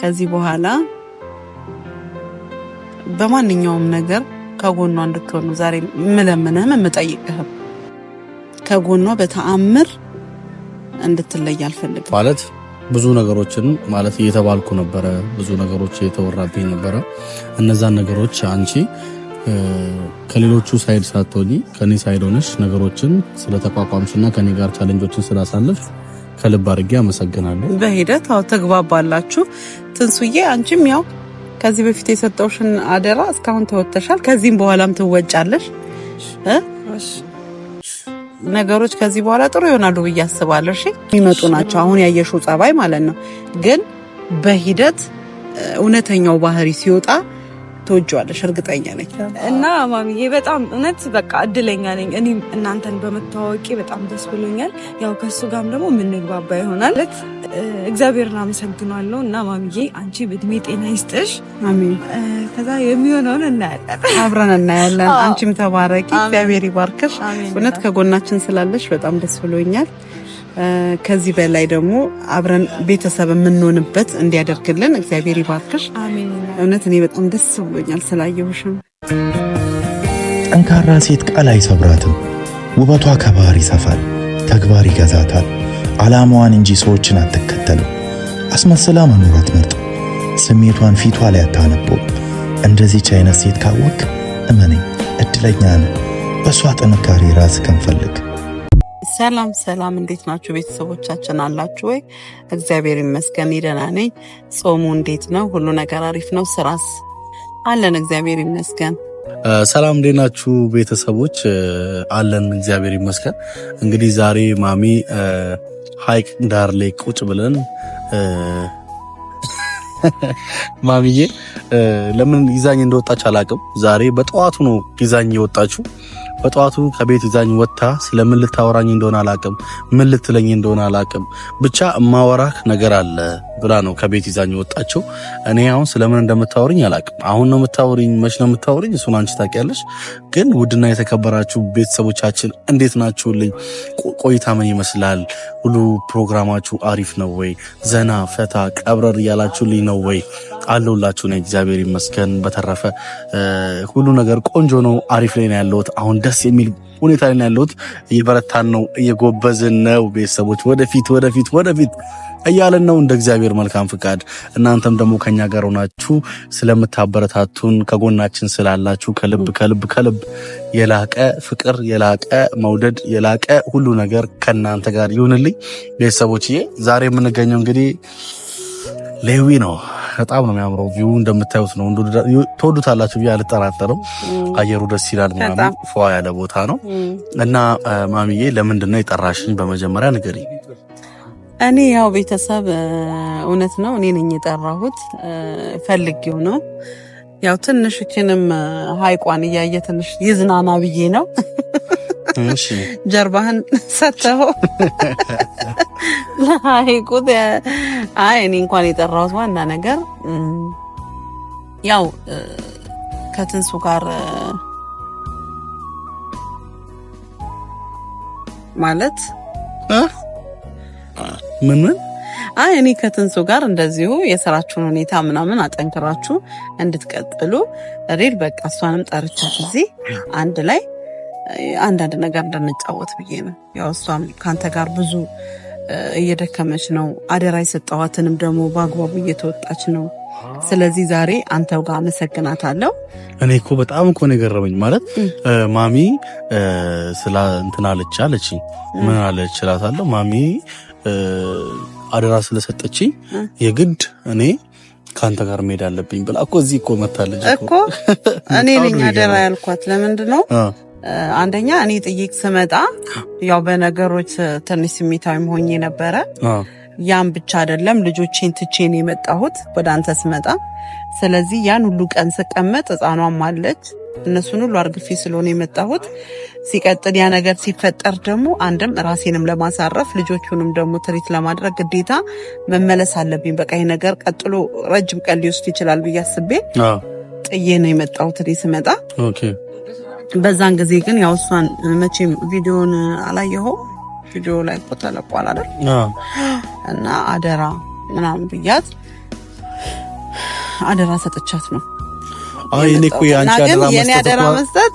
ከዚህ በኋላ በማንኛውም ነገር ከጎኗ እንድትሆን ዛሬ የምለምንህም የምጠይቅህም። ከጎኗ በተአምር እንድትለይ አልፈልግም። ማለት ብዙ ነገሮችን ማለት እየተባልኩ ነበረ፣ ብዙ ነገሮች እየተወራብኝ ነበረ። እነዛን ነገሮች አንቺ ከሌሎቹ ሳይድ ሳትሆኚ ከኔ ሳይድ ሆነሽ ነገሮችን ስለተቋቋምሽ እና ከኔ ጋር ቻለንጆችን ስላሳለፍ ከልብ አድርጌ አመሰግናለሁ። በሂደት አዎ ተግባባላችሁ። ትንሱዬ አንቺም ያው ከዚህ በፊት የሰጠውሽን አደራ እስካሁን ተወጥተሻል። ከዚህም በኋላም ትወጫለሽ። ነገሮች ከዚህ በኋላ ጥሩ ይሆናሉ ብዬ አስባለሁ። እሺ የሚመጡ ናቸው። አሁን ያየሽው ጸባይ ማለት ነው። ግን በሂደት እውነተኛው ባህሪ ሲወጣ ትወጂዋለሽ እርግጠኛ ነኝ። እና ማሚዬ በጣም እውነት በቃ እድለኛ ነኝ። እኔም እናንተን በመተዋወቂ በጣም ደስ ብሎኛል። ያው ከሱ ጋርም ደግሞ የምንግባባ ይሆናል። እግዚአብሔርን አመሰግናለሁ። እና ማሚዬ አንቺ በእድሜ ጤና ይስጥሽ። አሜን። ከዛ የሚሆነውን እናያለን፣ አብረን እናያለን። አንቺም ተባረቂ፣ እግዚአብሔር ይባርክሽ። እውነት ከጎናችን ስላለሽ በጣም ደስ ብሎኛል። ከዚህ በላይ ደግሞ አብረን ቤተሰብ የምንሆንበት እንዲያደርግልን እግዚአብሔር ይባርክሽ። እውነት እኔ በጣም ደስ ብሎኛል ስላየሁሽም። ጠንካራ ሴት ቃል አይሰብራትም። ውበቷ ከባህር ይሰፋል፣ ተግባር ይገዛታል። ዓላማዋን እንጂ ሰዎችን አትከተልም። አስመስላ መኖር አትመርጥ። ስሜቷን ፊቷ ላይ አታነቦ። እንደዚች አይነት ሴት ካወቅ እመነኝ፣ እድለኛ ነህ። በእሷ ጥንካሬ ራስ ከንፈልግ ሰላም ሰላም፣ እንዴት ናችሁ ቤተሰቦቻችን? አላችሁ ወይ? እግዚአብሔር ይመስገን ደህና ነኝ። ጾሙ እንዴት ነው? ሁሉ ነገር አሪፍ ነው? ስራስ አለን? እግዚአብሔር ይመስገን። ሰላም፣ እንዴት ናችሁ ቤተሰቦች? አለን፣ እግዚአብሔር ይመስገን። እንግዲህ ዛሬ ማሚ ሀይቅ ዳር ላይ ቁጭ ብለን ማሚዬ ለምን ይዛኝ እንደወጣች አላቅም። ዛሬ በጠዋቱ ነው ይዛኝ የወጣችው። በጠዋቱ ከቤት ይዛኝ ወጥታ ስለምን ልታወራኝ እንደሆነ አላቅም፣ ምን ልትለኝ እንደሆነ አላቅም፣ ብቻ እማወራህ ነገር አለ ብላ ነው ከቤት ይዛኝ ወጣችው። እኔ አሁን ስለምን እንደምታወርኝ አላቅም። አሁን ነው የምታወርኝ፣ መች ነው የምታወርኝ? እሱን አንቺ ታውቂያለሽ። ግን ውድና የተከበራችሁ ቤተሰቦቻችን እንዴት ናችሁልኝ? ቆይታ ምን ይመስላል? ሁሉ ፕሮግራማችሁ አሪፍ ነው ወይ? ዘና ፈታ ቀብረር እያላችሁልኝ ነው ወይ? አለሁላችሁ ነ እግዚአብሔር ይመስገን። በተረፈ ሁሉ ነገር ቆንጆ ነው። አሪፍ ላይ ነው ያለሁት። አሁን ደስ የሚል ሁኔታ ላይ ነው ያለሁት። እየበረታን ነው፣ እየጎበዝን ነው። ቤተሰቦች ወደፊት ወደፊት ወደፊት እያለን ነው እንደ እግዚአብሔር መልካም ፍቃድ። እናንተም ደግሞ ከኛ ጋር ሆናችሁ ስለምታበረታቱን ከጎናችን ስላላችሁ ከልብ ከልብ ከልብ የላቀ ፍቅር፣ የላቀ መውደድ፣ የላቀ ሁሉ ነገር ከእናንተ ጋር ይሁንልኝ ቤተሰቦችዬ። ዛሬ የምንገኘው እንግዲህ ሌዊ ነው። በጣም ነው የሚያምረው። ቪው እንደምታዩት ነው። ተወዱታላችሁ ብዬ አልጠራጠርም። አየሩ ደስ ይላል። ምናምን ፏ ያለ ቦታ ነው እና ማሚዬ ለምንድን ነው የጠራሽኝ? በመጀመሪያ ንገሪኝ። እኔ ያው ቤተሰብ እውነት ነው እኔ ነኝ የጠራሁት። ፈልጌው ነው ያው ትንሽ እችንም ሀይቋን እያየ ትንሽ ይዝናና ብዬ ነው። ጀርባህን ሰተኸው ለሐይቁ አይ እኔ እንኳን የጠራሁት ዋና ነገር ያው ከትንሱ ጋር ማለት ምን ምን አይ እኔ ከትንሱ ጋር እንደዚሁ የስራችሁን ሁኔታ ምናምን አጠንክራችሁ እንድትቀጥሉ ሬል በቃ እሷንም ጠርቻት እዚህ አንድ ላይ አንዳንድ ነገር እንድንጫወት ብዬ ነው። ያው እሷም ከአንተ ጋር ብዙ እየደከመች ነው። አደራ የሰጠዋትንም ደግሞ በአግባቡ እየተወጣች ነው። ስለዚህ ዛሬ አንተው ጋር አመሰግናታለሁ። እኔ እኮ በጣም እኮ ነው የገረመኝ። ማለት ማሚ ስላ እንትን አለች አለችኝ። ምን አለች እላታለሁ። ማሚ አደራ ስለሰጠችኝ የግድ እኔ ከአንተ ጋር መሄድ አለብኝ ብላ እኮ እዚህ እኮ መታለች እኮ። እኔ ነኝ አደራ ያልኳት። ለምንድን ነው አንደኛ እኔ ጥይቅ ስመጣ ያው በነገሮች ትንሽ ስሜታዊ ሆኜ ነበረ። ያን ብቻ አይደለም ልጆቼን ትቼን የመጣሁት ወደ አንተ ስመጣ። ስለዚህ ያን ሁሉ ቀን ስቀመጥ ህፃኗም አለች እነሱን ሁሉ አርግፌ ስለሆነ የመጣሁት። ሲቀጥል ያ ነገር ሲፈጠር ደግሞ አንድም ራሴንም ለማሳረፍ ልጆቹንም ደግሞ ትሪት ለማድረግ ግዴታ መመለስ አለብኝ። በቃ ይህ ነገር ቀጥሎ ረጅም ቀን ሊወስድ ይችላል ብዬ አስቤ ጥዬ ነው የመጣሁት እኔ ስመጣ በዛን ጊዜ ግን ያው እሷን መቼም ቪዲዮን አላየኸውም። ቪዲዮ ላይ እኮ ተለቋል አይደል? እና አደራ ምናምን ብያት አደራ ሰጥቻት ነው። አይ እኔ እኮ ያንቺ አደራ መስጠት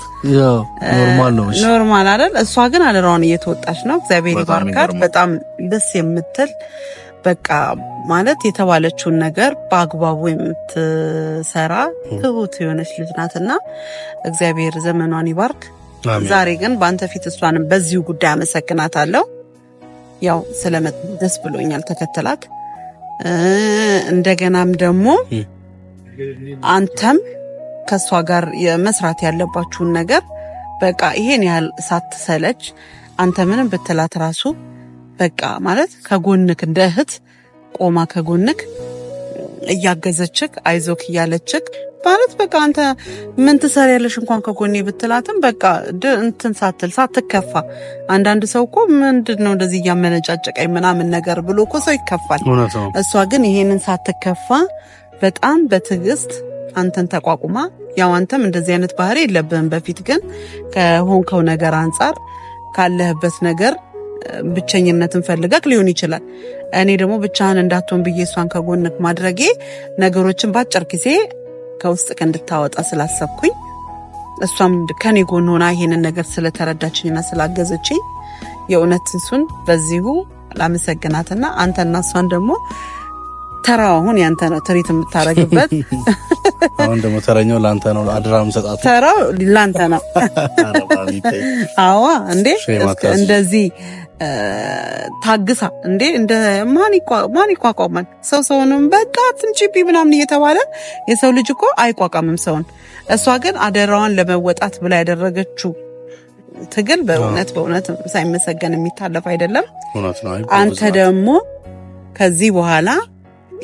ኖርማል ነው፣ እሺ ኖርማል አይደል? እሷ ግን አደራዋን እየተወጣች ነው። እግዚአብሔር ይባርካት። በጣም ደስ የምትል በቃ ማለት የተባለችውን ነገር በአግባቡ የምትሰራ ትሁት የሆነች ልጅ ናትና እግዚአብሔር ዘመኗን ይባርክ። ዛሬ ግን በአንተ ፊት እሷንም በዚሁ ጉዳይ አመሰግናታለሁ። ያው ስለመጥ ደስ ብሎኛል። ተከተላት እንደገናም ደግሞ አንተም ከእሷ ጋር መስራት ያለባችሁን ነገር በቃ ይሄን ያህል ሳትሰለች አንተ ምንም ብትላት ራሱ በቃ ማለት ከጎንክ እንደ እህት ቆማ ከጎንክ እያገዘችክ አይዞክ እያለችክ ማለት በቃ አንተ ምን ትሰሪያለሽ እንኳን ከጎኔ ብትላትም በቃ እንትን ሳትል ሳትከፋ። አንዳንድ ሰው እኮ ምንድን ነው እንደዚህ እያመነጫጨቀኝ ምናምን ነገር ብሎ እኮ ሰው ይከፋል። እሷ ግን ይሄንን ሳትከፋ በጣም በትዕግስት አንተን ተቋቁማ፣ ያው አንተም እንደዚህ አይነት ባህሪ የለብህም በፊት ግን ከሆንከው ነገር አንጻር ካለህበት ነገር ብቸኝነትን ፈልገክ ሊሆን ይችላል። እኔ ደግሞ ብቻህን እንዳትሆን ብዬ እሷን ከጎንክ ማድረጌ ነገሮችን በአጭር ጊዜ ከውስጥ እንድታወጣ ስላሰብኩኝ እሷም ከኔ ጎን ሆና ይሄንን ነገር ስለተረዳችኝና ስላገዘችኝ የእውነት እሱን በዚሁ ላመሰግናትና አንተና እሷን ደግሞ ተራው አሁን ያንተ ነው። ትሪት የምታረግበት አሁን ደግሞ ተረኛው ላንተ ነው። አድራ ምሰጣት ተራው ላንተ ነው። አዋ እንዴ እንደዚህ ታግሳ እንዴ እንደ ማን ይቋቋማል? ሰው ሰውንም በቃ ትንጭቢ ምናምን እየተባለ የሰው ልጅ እኮ አይቋቋምም ሰውን። እሷ ግን አደራዋን ለመወጣት ብላ ያደረገችው ትግል በእውነት በእውነት ሳይመሰገን የሚታለፍ አይደለም። አንተ ደግሞ ከዚህ በኋላ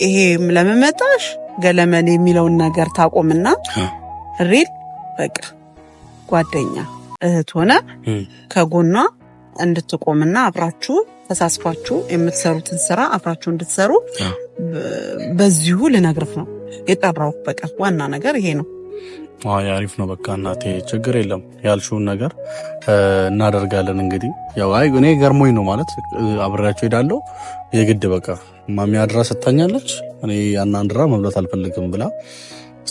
ይሄ ለመመጣሽ ገለመን የሚለውን ነገር ታቆምና ሪል በቃ ጓደኛ እህት ሆነ ከጎኗ እንድትቆምና አብራችሁ ተሳስፋችሁ የምትሰሩትን ስራ አብራችሁ እንድትሰሩ በዚሁ ልነግርፍ ነው የጠራሁህ። በቃ ዋና ነገር ይሄ ነው። አሪፍ ነው። በቃ እናቴ ችግር የለም ያልሽውን ነገር እናደርጋለን። እንግዲህ ያው አይ እኔ ገርሞኝ ነው ማለት አብሬያቸው ሄዳለሁ። የግድ በቃ ማሚ አድራ ሰጥታኛለች። እኔ ያናንድራ አድራ መብላት አልፈልግም ብላ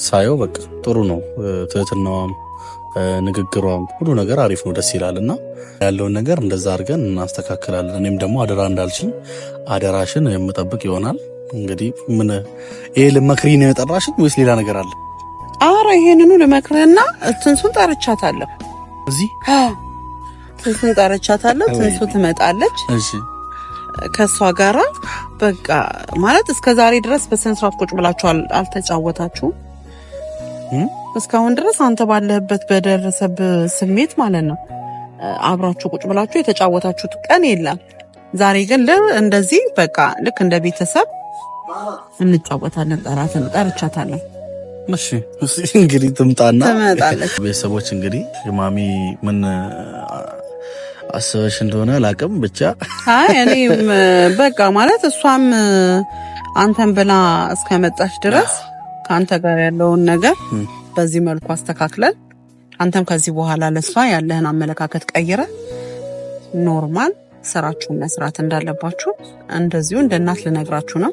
ሳየው በቃ ጥሩ ነው ትህትናዋም ንግግሯ፣ ሁሉ ነገር አሪፍ ነው፣ ደስ ይላል። እና ያለውን ነገር እንደዛ አድርገን እናስተካክላለን። እኔም ደግሞ አደራ እንዳልችኝ አደራሽን የምጠብቅ ይሆናል። እንግዲህ ምን ይሄ ልመክሪ ነው የጠራሽኝ ወይስ ሌላ ነገር አለ? አረ ይሄንኑ ልመክርህና ትንሱን ጠርቻታለሁ። እዚህ ትንሱን ጠርቻታለሁ። ትንሱ ትመጣለች። እሺ ከእሷ ጋራ በቃ ማለት እስከ ዛሬ ድረስ በስነ ቁጭ ብላችሁ አልተጫወታችሁም። እስካሁን ድረስ አንተ ባለህበት በደረሰብ ስሜት ማለት ነው አብራችሁ ቁጭ ብላችሁ የተጫወታችሁት ቀን የለም። ዛሬ ግን እንደዚህ በቃ ልክ እንደ ቤተሰብ እንጫወታለን። ጠራትን ጠርቻታለሁ። እሺ እንግዲህ ትምጣና ትመጣለች። ቤተሰቦች እንግዲህ ማሚ ምን አስበሽ እንደሆነ አላቅም። ብቻ አይ እኔ በቃ ማለት እሷም አንተን ብላ እስከመጣች ድረስ ከአንተ ጋር ያለውን ነገር በዚህ መልኩ አስተካክለን አንተም ከዚህ በኋላ ለሷ ያለህን አመለካከት ቀይረ ኖርማል ስራችሁን መስራት እንዳለባችሁ እንደዚሁ እንደ እናት ልነግራችሁ ነው።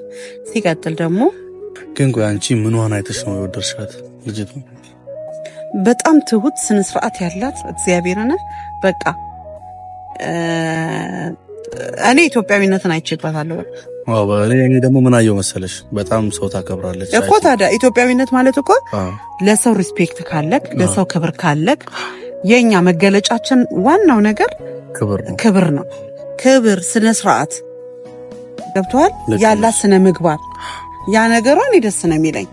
ሲቀጥል ደግሞ ግን ቆይ አንቺ ምንዋን አይተሽ ነው የወደድሻት? ልጅቱ በጣም ትሁት ስነስርዓት ያላት እግዚአብሔርን በቃ እኔ ኢትዮጵያዊነትን አይቼባታለሁ። እኔ ደግሞ ምን አየሁ መሰለሽ፣ በጣም ሰው ታከብራለች እኮ። ታዲያ ኢትዮጵያዊነት ማለት እኮ ለሰው ሪስፔክት ካለክ፣ ለሰው ክብር ካለክ፣ የእኛ መገለጫችን ዋናው ነገር ክብር ነው። ክብር፣ ስነ ስርዓት ገብተዋል ያላት ስነ ምግባር ያ ነገሯ እኔ ደስ ነው የሚለኝ።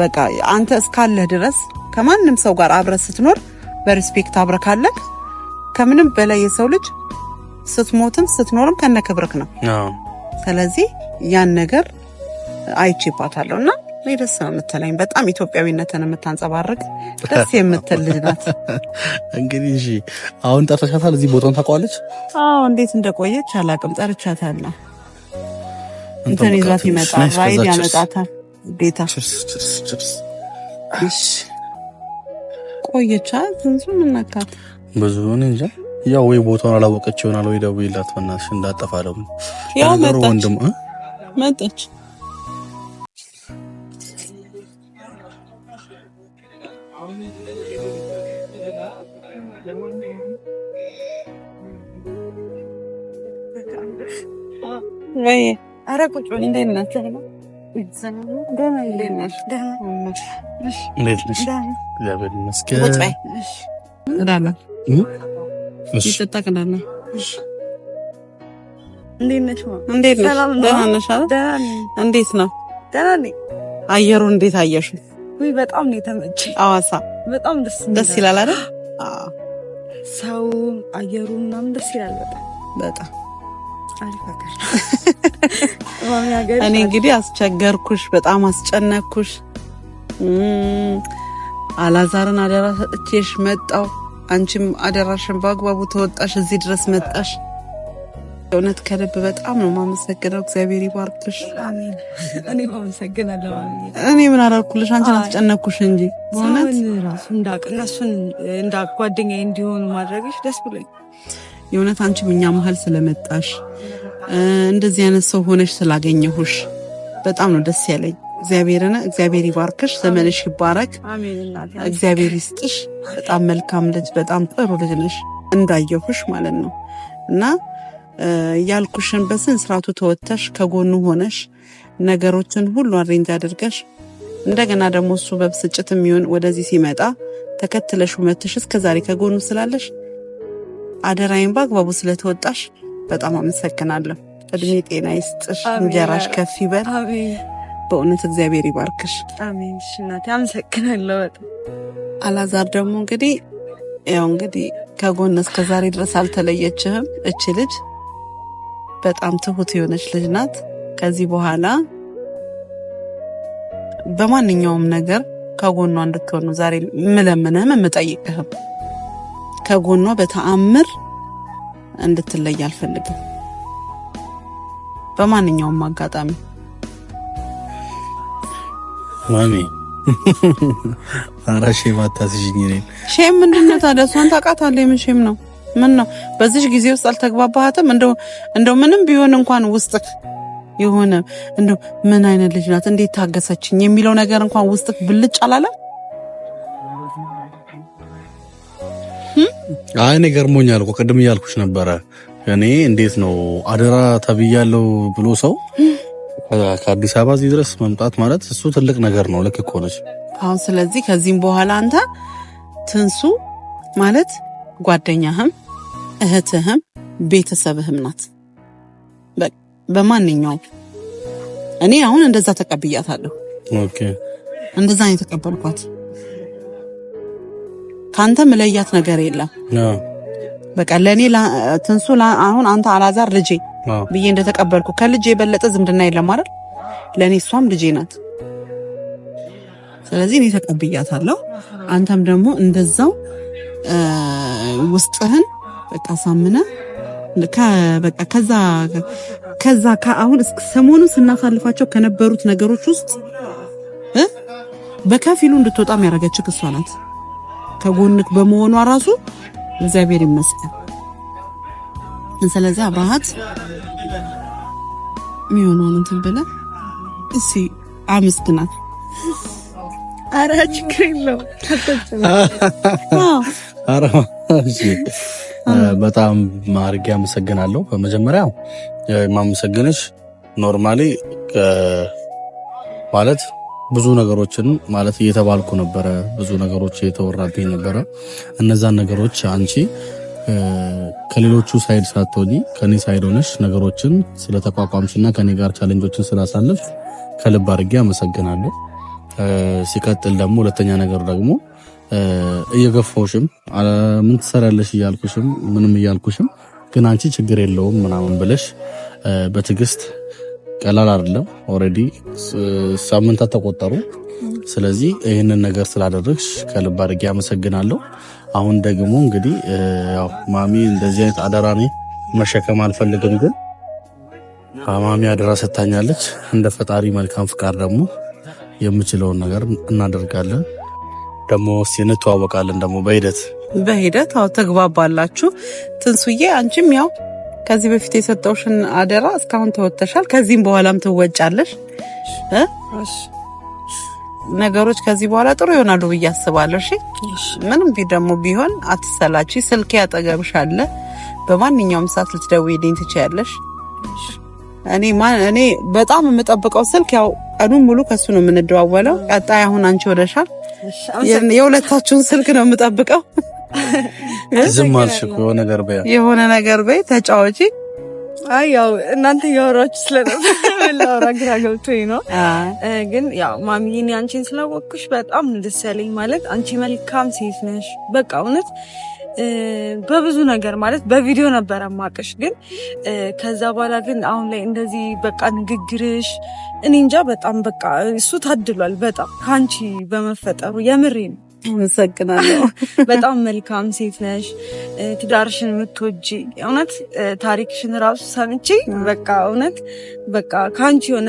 በቃ አንተ እስካለህ ድረስ ከማንም ሰው ጋር አብረህ ስትኖር በሪስፔክት አብረህ ካለክ? ከምንም በላይ የሰው ልጅ ስትሞትም ስትኖርም ከነ ክብርክ ነው። ስለዚህ ያን ነገር አይቼባታለሁ እና እኔ ደስ ነው የምትለኝ። በጣም ኢትዮጵያዊነትን የምታንጸባርቅ ደስ የምትል ልጅ ናት። እንግዲህ እሺ፣ አሁን ጠርተሻታል? እዚህ ቦታውን ታውቀዋለች? አዎ፣ እንዴት እንደቆየች አላውቅም። ጠርቻታለሁ። እንትን ይዛት ይመጣል፣ ራይድ ያመጣታል። ቤታ ቆየቻ ዝንዙ ምናካት ብዙ እንጃ ያው ወይ ቦታውን አላወቀች ይሆናል ወይ ደውዬላት በእናትሽ እንዳጠፋለው። ያው መጣች ወይ ኧረ ቁጭ በል። እንዴት ናቸው? እንዴት ነሽ? እግዚአብሔር ይመስገን እንዴት ነው እንዴት ነው አየሩ? እንዴት አየሹ? በጣም ነው የተመቸኝ። አዋሳ በጣም ደስ ይላል አይደል? ሰው አየሩ ምናምን ደስ ይላል በጣም በጣም እኔ እንግዲህ አስቸገርኩሽ፣ በጣም አስጨነኩሽ አላዛርን አደራ ሰጥቼሽ መጣው። አንቺም አደራሽን በአግባቡ ተወጣሽ፣ እዚህ ድረስ መጣሽ። እውነት ከልብ በጣም ነው ማመሰግነው። እግዚአብሔር ይባርክሽ። እኔ ምን አላልኩልሽ? አንቺን አስጨነኩሽ እንጂ በእውነት እነሱን እንዲሆኑ ማድረግሽ ደስ ብሎኝ የእውነት አንቺም እኛ መሀል ስለመጣሽ እንደዚህ አይነት ሰው ሆነሽ ስላገኘሁሽ በጣም ነው ደስ ያለኝ። እግዚአብሔርን እግዚአብሔር ይባርክሽ፣ ዘመንሽ ይባረክ፣ እግዚአብሔር ይስጥሽ። በጣም መልካም ልጅ፣ በጣም ጥሩ ልጅ ነሽ እንዳየሁሽ ማለት ነው እና ያልኩሽን በስን ስርዓቱ ተወተሽ ከጎኑ ሆነሽ ነገሮችን ሁሉ አሬንጅ አድርገሽ እንደገና ደግሞ እሱ በብስጭት የሚሆን ወደዚህ ሲመጣ ተከትለሽ ውመትሽ እስከዛሬ ከጎኑ ስላለሽ አደራይን በአግባቡ ስለተወጣሽ በጣም አመሰግናለሁ። እድሜ ጤና ይስጥሽ፣ እንጀራሽ ከፍ ይበል። በእውነት እግዚአብሔር ይባርክሽ። አሜን። እናቴ አመሰግናለሁ በጣም። አላዛር ደግሞ እንግዲህ ያው እንግዲህ ከጎን እስከ ዛሬ ድረስ አልተለየችህም። እች ልጅ በጣም ትሁት የሆነች ልጅ ናት። ከዚህ በኋላ በማንኛውም ነገር ከጎኗ እንድትሆኑ ዛሬ ምለምንህም የምጠይቅህም ከጎኗ በተአምር እንድትለይ አልፈልግም በማንኛውም አጋጣሚ ማሚ ኧረ ሼም አታስይኝ። እኔን ሼም ምንድን ነው ታዲያ? እሷን ታውቃታለህ። የምን ሼም ነው? ምን ነው በዚህ ጊዜ ውስጥ አልተግባባሃትም? እንደው እንደው ምንም ቢሆን እንኳን ውስጥ የሆነ እንደው ምን አይነት ልጅ ናት፣ እንዴት ታገሰችኝ የሚለው ነገር እንኳን ውስጥ ብልጭ አላለ? አይ እኔ ገርሞኛል እኮ ቅድም እያልኩሽ ነበረ። እኔ እንዴት ነው አደራ ተብያለሁ ብሎ ሰው ከአዲስ አበባ እዚህ ድረስ መምጣት ማለት እሱ ትልቅ ነገር ነው። ልክ እኮ ነች አሁን። ስለዚህ ከዚህም በኋላ አንተ ትንሱ ማለት ጓደኛህም እህትህም ቤተሰብህም ናት። በማንኛውም እኔ አሁን እንደዛ ተቀብያታለሁ። እንደዛ ነው የተቀበልኳት። ከአንተ ምለያት ነገር የለም። በቃ ለእኔ ትንሱ አሁን አንተ አላዛር ልጄ ብዬ እንደተቀበልኩ ከልጅ የበለጠ ዝምድና የለም አይደል? ለእኔ እሷም ልጄ ናት። ስለዚህ እኔ ተቀብያታለሁ። አንተም ደግሞ እንደዛው ውስጥህን በቃ ሳምነ በቃ ከዛ ከዛ ከአሁን እስከ ሰሞኑን ስናሳልፋቸው ከነበሩት ነገሮች ውስጥ በከፊሉ እንድትወጣም ያደረገችህ እሷ ናት። ከጎንክ በመሆኗ ራሱ እግዚአብሔር ይመስገን። ስለዚህ አብረሃት የሚሆነውን እንትን ብለህ እሺ አመስግናት። ኧረ ችግር የለውም። በጣም አድርጌ አመሰግናለሁ። በመጀመሪያ የማመሰግንሽ ኖርማሊ ማለት ብዙ ነገሮችን ማለት እየተባልኩ ነበረ፣ ብዙ ነገሮች እየተወራብኝ ነበረ። እነዛን ነገሮች አንቺ ከሌሎቹ ሳይድ ሳትሆኚ ከኔ ሳይድ ሆነሽ ነገሮችን ስለተቋቋምሽና ከኔ ጋር ቻለንጆችን ስላሳለፍ ከልብ አድርጌ አመሰግናለሁ። ሲቀጥል ደግሞ ሁለተኛ ነገር ደግሞ እየገፋውሽም ምን ትሰሪያለሽ እያልኩሽም ምንም እያልኩሽም ግን አንቺ ችግር የለውም ምናምን ብለሽ በትዕግስት ቀላል አይደለም። ኦልሬዲ ሳምንታት ተቆጠሩ። ስለዚህ ይህንን ነገር ስላደረግሽ ከልብ አድርጌ አመሰግናለሁ። አሁን ደግሞ እንግዲህ ያው ማሚ እንደዚህ አይነት አደራ እኔ መሸከም አልፈልግም፣ ግን ማሚ አደራ ሰጥታኛለች። እንደ ፈጣሪ መልካም ፍቃድ ደግሞ የምችለውን ነገር እናደርጋለን። ደግሞ እንተዋወቃለን ደግሞ በሂደት በሂደት ተግባባላችሁ። ትንሱዬ አንቺም ያው ከዚህ በፊት የሰጠውሽን አደራ እስካሁን ተወጥተሻል። ከዚህም በኋላም ትወጫለሽ። ነገሮች ከዚህ በኋላ ጥሩ ይሆናሉ ብዬ አስባለሁ። እሺ፣ ምንም ደግሞ ቢሆን አትሰላቺ። ስልኬ አጠገብሽ አለ። በማንኛውም ሰዓት ልትደውይልኝ ትችያለሽ። እኔ ማን በጣም የምጠብቀው ስልክ ያው ቀኑን ሙሉ ከሱ ነው የምንደዋወለው። ቀጣይ አሁን አንቺ ወደሻል፣ የሁለታችሁን ስልክ ነው የምጠብቀው። ዝም አልሽ እኮ የሆነ ነገር በይ፣ የሆነ ነገር በይ፣ ተጫወቺ። አይ ያው እናንተ እያወራችሁ ስለነበረ ግራ ገብቶኝ ነው። ግን ያው ማሚዬ አንቺን ስላወቅኩሽ በጣም ነው ደስ ያለኝ። ማለት አንቺ መልካም ሴት ነሽ። በቃ እውነት በብዙ ነገር ማለት በቪዲዮ ነበረ ማቀሽ፣ ግን ከዛ በኋላ ግን አሁን ላይ እንደዚህ በቃ ንግግርሽ እኔ እንጃ በጣም በቃ እሱ ታድሏል በጣም ከአንቺ በመፈጠሩ የምሬ ነው። አመሰግናለሁ። በጣም መልካም ሴት ነሽ። ትዳርሽን የምትወጂ እውነት ታሪክሽን ራሱ ሰምቼ በቃ እውነት በቃ ከአንቺ የሆነ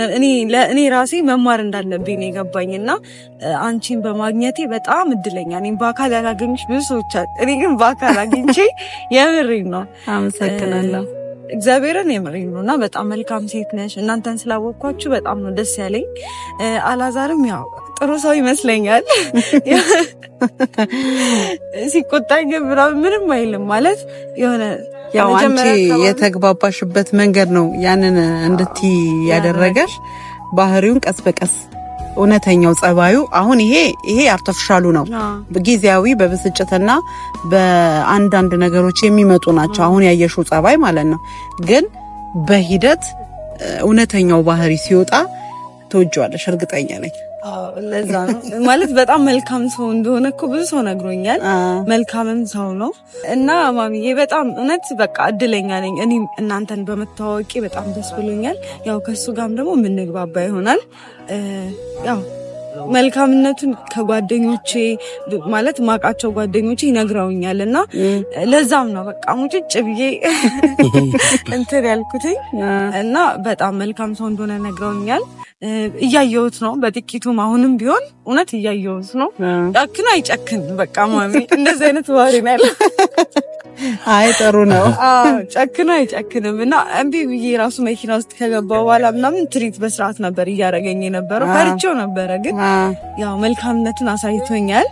እኔ ራሴ መማር እንዳለብኝ ነው የገባኝ እና አንቺን በማግኘቴ በጣም እድለኛ እኔም በአካል ያላገኝሽ ብዙ ሰዎች እኔ ግን በአካል አግኝቼ የምሬን ነው። አመሰግናለሁ። እግዚአብሔርን የምሬን ነው እና በጣም መልካም ሴት ነሽ። እናንተን ስላወቅኳችሁ በጣም ነው ደስ ያለኝ። አላዛርም ያው ጥሩ ሰው ይመስለኛል። ሲቆጣኝ ምናምን ምንም አይልም ማለት የሆነ ያው አንቺ የተግባባሽበት መንገድ ነው ያንን እንድትይ ያደረገሽ ባህሪውን ቀስ በቀስ እውነተኛው ጸባዩ አሁን ይሄ ይሄ አርተፍሻሉ ነው። ጊዜያዊ በብስጭትና በአንዳንድ ነገሮች የሚመጡ ናቸው። አሁን ያየሽው ጸባይ ማለት ነው። ግን በሂደት እውነተኛው ባህሪ ሲወጣ ትወጂዋለሽ፣ እርግጠኛ ነኝ። ለዛ ነው ማለት በጣም መልካም ሰው እንደሆነ እኮ ብዙ ሰው ነግሮኛል። መልካምም ሰው ነው እና ማሚዬ በጣም እውነት በቃ እድለኛ ነኝ። እኔ እናንተን በመተዋወቂ በጣም ደስ ብሎኛል። ያው ከሱ ጋርም ደግሞ የምንግባባ ይሆናል። ያው መልካምነቱን ከጓደኞቼ ማለት ማቃቸው ጓደኞቼ ይነግረውኛል እና ለዛም ነው በቃ ሙጭጭ ብዬ እንትን ያልኩትኝ እና በጣም መልካም ሰው እንደሆነ ነግረውኛል። እያየሁት ነው። በጥቂቱም አሁንም ቢሆን እውነት እያየሁት ነው። ጨክን አይጨክን በቃ ማሚ እንደዚህ አይነት ባህሪ ነው ያለ። አይ ጥሩ ነው። ጨክን አይጨክንም እና እምቢ ብዬ ራሱ መኪና ውስጥ ከገባ በኋላ ምናምን ትሪት በስርዓት ነበር እያደረገኝ የነበረው። ፈርቼው ነበረ፣ ግን ያው መልካምነቱን አሳይቶኛል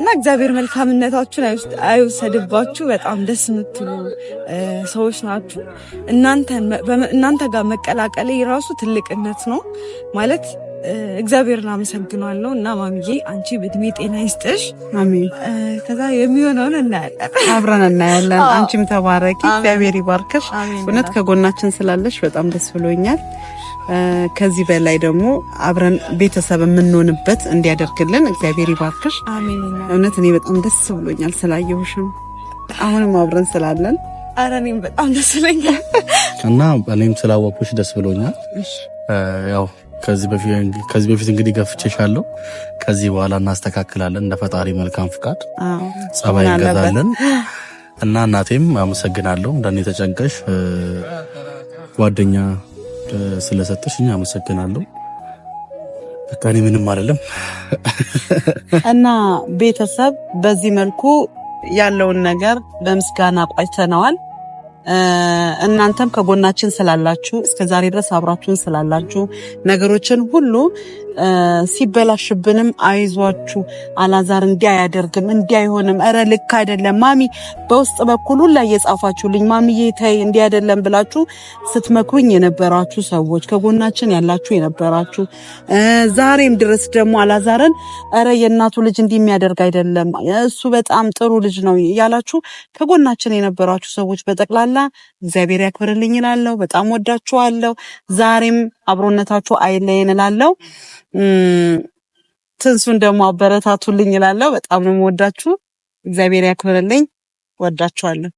እና እግዚአብሔር መልካምነታችሁን አይወሰድባችሁ። በጣም ደስ የምትሉ ሰዎች ናችሁ። እናንተ ጋር መቀላቀል ራሱ ትልቅነት ነው። ማለት እግዚአብሔርን ነው እና ማሚዬ አንቺ በእድሜ ጤና ይስጥሽ። አሜን። ከዛ የሚሆነውን እናያለን፣ አብረን እናያለን። አንቺም ተባረኪ፣ እግዚአብሔር ይባርክሽ። እውነት ከጎናችን ስላለሽ በጣም ደስ ብሎኛል። ከዚህ በላይ ደግሞ አብረን ቤተሰብ የምንሆንበት እንዲያደርግልን እግዚአብሔር ይባርክሽ። እውነት እኔ በጣም ደስ ብሎኛል ስላየሁሽም አሁንም አብረን ስላለን፣ ኧረ እኔም በጣም ደስ ብሎኛል እና እኔም ስላወኩሽ ደስ ብሎኛል። ያው ከዚህ በፊት እንግዲህ ገፍቼሻለሁ። ከዚህ በኋላ እናስተካክላለን፣ እንደ ፈጣሪ መልካም ፍቃድ ጸባይ እንገዛለን እና እናቴም አመሰግናለሁ እንደኔ ተጨንቀሽ ጓደኛ ስለሰጠሽ እኛ አመሰግናለሁ። በቃ እኔ ምንም አይደለም። እና ቤተሰብ በዚህ መልኩ ያለውን ነገር በምስጋና ቋጭተነዋል። እናንተም ከጎናችን ስላላችሁ እስከ ዛሬ ድረስ አብራችሁን ስላላችሁ ነገሮችን ሁሉ ሲበላሽብንም አይዟችሁ አላዛር እንዲያደርግም አያደርግም እንዲህ አይሆንም፣ እረ ልክ አይደለም ማሚ በውስጥ በኩል ሁላ እየጻፋችሁልኝ ማሚዬ ተይ እንዲህ አይደለም ብላችሁ ስትመክሩኝ የነበራችሁ ሰዎች ከጎናችን ያላችሁ የነበራችሁ ዛሬም ድረስ ደግሞ አላዛርን እረ የእናቱ ልጅ እንዲህ የሚያደርግ አይደለም እሱ በጣም ጥሩ ልጅ ነው ያላችሁ ከጎናችን የነበራችሁ ሰዎች በጠቅላላ እግዚአብሔር ያክብርልኝ ይላለው። በጣም ወዳችኋለው ዛሬም አብሮነታችሁ አይለየን እላለሁ። ትንሱን ደግሞ አበረታቱልኝ እላለሁ። በጣም ነው የምወዳችሁ። እግዚአብሔር ያክብርልኝ። ወዳችኋለሁ።